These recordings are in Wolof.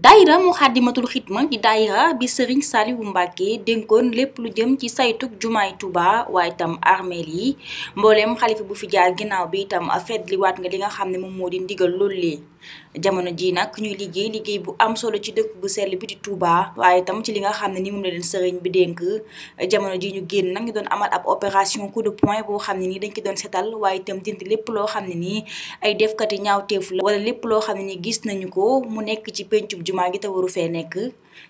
daayira mu xàddimatul xidma di daayira bi sëriñ Saliou Mbacke dénkoon lépp lu jëm ci saytug jumaay Touba waaye itam armeel yi mbooleem xalifa bu fi jaar ginnaaw bi itam fetliwaat nga li nga xam ne moom moo di ndigal loolu lee jamono ji nag ñuy liggéey liggéey bu am solo ci dëkk bu sell bi di Touba waaye itam ci li nga xam ne ni moom la leen sëriñ bi dénk jamono ji ñu génn nag ñu doon amal ab opération coup de poing boo xam ne nii dañ ko doon setal waaye itam dindi lépp loo xam ne nii ay defkati ñaawteef la wala lépp loo xam ne ni gis nañu ko mu nekk ci pénc jumaa ngi te waru fee nekk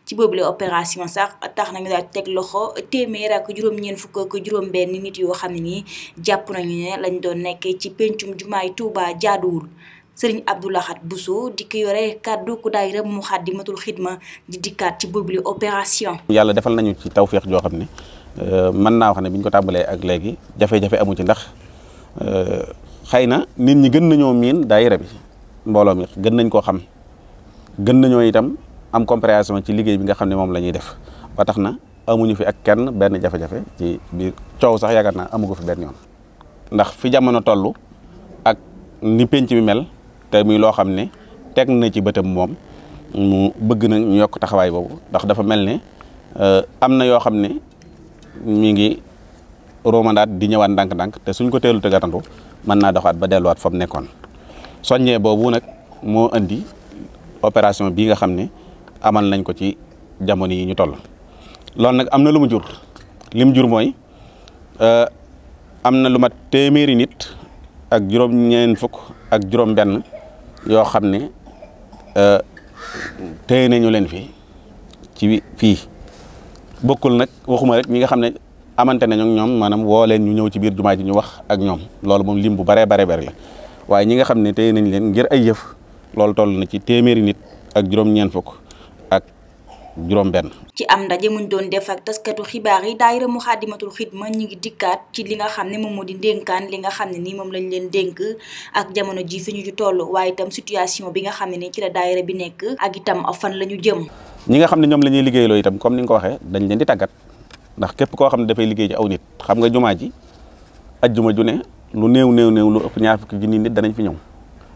ci boobule opération sax tax nañu daal teg loxo téeméer ak juróom-ñeent fukk ak juróom-benn nit yoo xam ne nii jàpp nañu ne lañ doon nekk ci pencum jumaay Touba jaaduwul. sëriñ Abdou Lahad Bousso di ki yore kàddu ku daayira Muxaddamatul Xidma di dikkaat ci boobule opération. yàlla defal nañu ci tawféex joo xam ne euh, mën naa wax ne bi ñu ko tàmbalee ak léegi jafe-jafe amu ci ndax euh, xëy na nit ñi gën nañoo miin daayira bi mbooloo mi gën nañ koo xam. gën nañoo itam am compréhension ci liggéey bi nga xam ne moom lañuy def ba tax na amuñu fi ak kenn benn jafe-jafe ci coow sax yaakaar naa amu ko fi benn yoon ndax fi jamono toll ak ni penc mi mel te muy loo xam ne teg na ci bëtam moom mu bëgg na ñu yokk taxawaay boobu ndax dafa mel ne euh, am na yoo xam ne mi ngi romandaat di ñëwaat ndànk-ndànk te suñ ko teelu te garantu mën naa doxaat ba delluwaat fa mu nekkoon soññee boobu nag moo indi opération bii nga xam ne amal nañ ko ci jamono yi ñu toll. loolu nag am na lu mu jur li jur mooy euh, am na lu mat téeméeri nit ak juróom ak juróom yoo xam ne euh, téye nañu leen fi ci fii bokkul nag waxuma rek ñi nga xam ne. amante nañu ak ñoom maanaam woo leen ñu ñëw ci biir jumaa ji ñu wax ak ñoom lool moom lim bu baree bare bari la waaye ñi nga xam ne tey nañ leen ngir ay yëf loolu toll na ci téeméeri nit ak juróom ñeen fukk ak juróom-benn. ci am ndaje muñ doon def ak taskatu xibaar yi daayira Muxaddamatul Xidma ñi ngi dikkaat ci li nga xam ne moom moo di ndénkaan li nga xam ne ni moom lañ leen dénk ak jamono ji fi ñu toll waaye itam situation bi nga xam ne ni ci la daayira bi nekk ak itam fan la ñu ñi nga xam ne ñoom la ñuy liggéeyloo itam comme ni nga ko waxee dañ leen di tàggat ndax képp koo xam ne dafay liggéey ci aw nit xam nga jumaa ji ak juma ju ne lu néew néew néew lu ñaar fukk junni nit danañ fi ñëw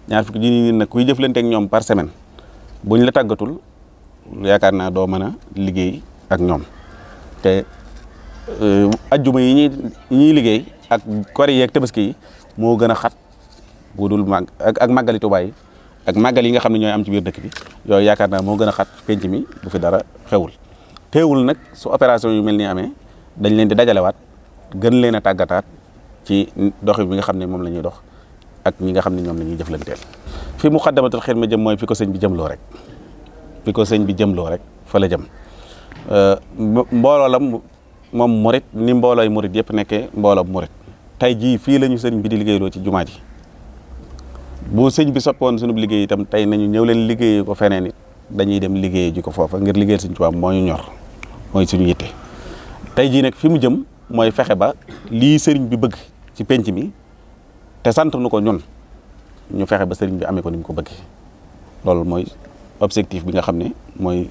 ñaar fukki junni nit nag kuy jëflante ak ñoom par semaine buñ la tàggatul yaakaar naa doo mën liggéey ak ñoom te euh, ajjuma yi ñuy ñuy liggéey ak kori yeeg tabaski yi moo gën a xat bu dul màgg ak ak màggali ak màggal yi nga xam ne ñooy am ci biir dëkk bi yooyu yaakaar naa moo gën a xat penc mi bu fi dara xewul teewul nag su opération yu mel ni amee dañ leen di dajalewaat gën leen a tàggataat ci doxi bi nga xam ne moom lañuy dox ak ñi nga xam ne ñoom la ñuy jëflanteel fi Muxaddamatul Xidma jëm mooy fi ko sëñ bi loo rek fi ko sëñ bi jëmloo rek fa la jëm euh, mbooloo la moom murit ni mboolooy murit yëpp nekkee mbooloo murit tey jii fii la ñu sëñ bi di liggéeyloo ci jumaa ji bu sëñ bi soppoon sunu liggéey tam tey nañu ñëw leen liggéey ko feneen it dañuy dem liggéey ji ko foofa ngir liggéeyal Sëñ Tuubaa moo ñu ñor mooy suñu yitte tey jii nag fi mu jëm mooy fexe ba bi bëgg ci penc mi te sant nu ko ñun ñu fexe ba sëriñ bi amee ko ni mu ko bëggee loolu mooy objectif bi nga xam ne mooy.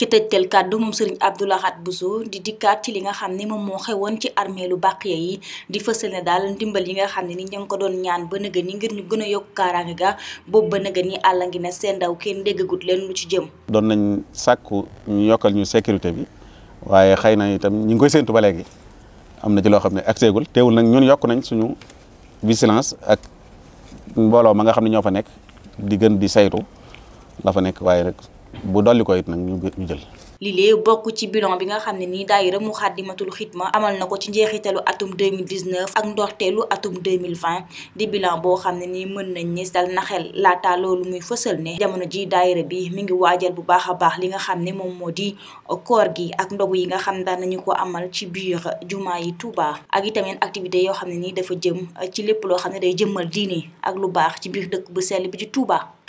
ki tëjtal kàddu moom sëriñ Abdou Lahad Bousso di dikkaat li nga xam ne moom moo xewoon ci armeelu Baqiya yi di fësal ne daal ndimbal yi nga xam ne ni ña ngi ko doon ñaan ba nëgë ni ngir ñu gën a yokk kaaraange ga boobu ba nëgë ni àll ngi ne seen ndaw kenn déggagut leen lu ci jëm. doon nañ sàkku ñu yokkal ñu sécurité bi waaye xëy na itam ñu ngi koy séntu ba léegi. am na ci loo xam ne agseegul teewul nag ñun yokk nañ suñu vigilance ak mbooloo ma nga xam ne ñoo fa nekk di gën di saytu la fa nekk waaye rek bu dolli ko it nag ñu jël li lee bokk ci bilan bi nga xam ne nii daayira mu xàddimatul xidma amal na ko ci njeexitalu atum 2019 ak ndorteelu atum 2020 di bilan boo xam ne nii mën nañ ni dal na xel laata loolu muy fësal ne jamono ji daayira bi mi ngi waajal bu baax a baax li nga xam ne moom moo di koor gi ak ndogu yi nga xam daan nañu ko amal ci biir jumaa yi Touba ak itamit activité yoo xam ne nii dafa jëm ci lépp loo xam ne day jëmmal diine ak lu baax ci biir dëkk bu sell bi ci Touba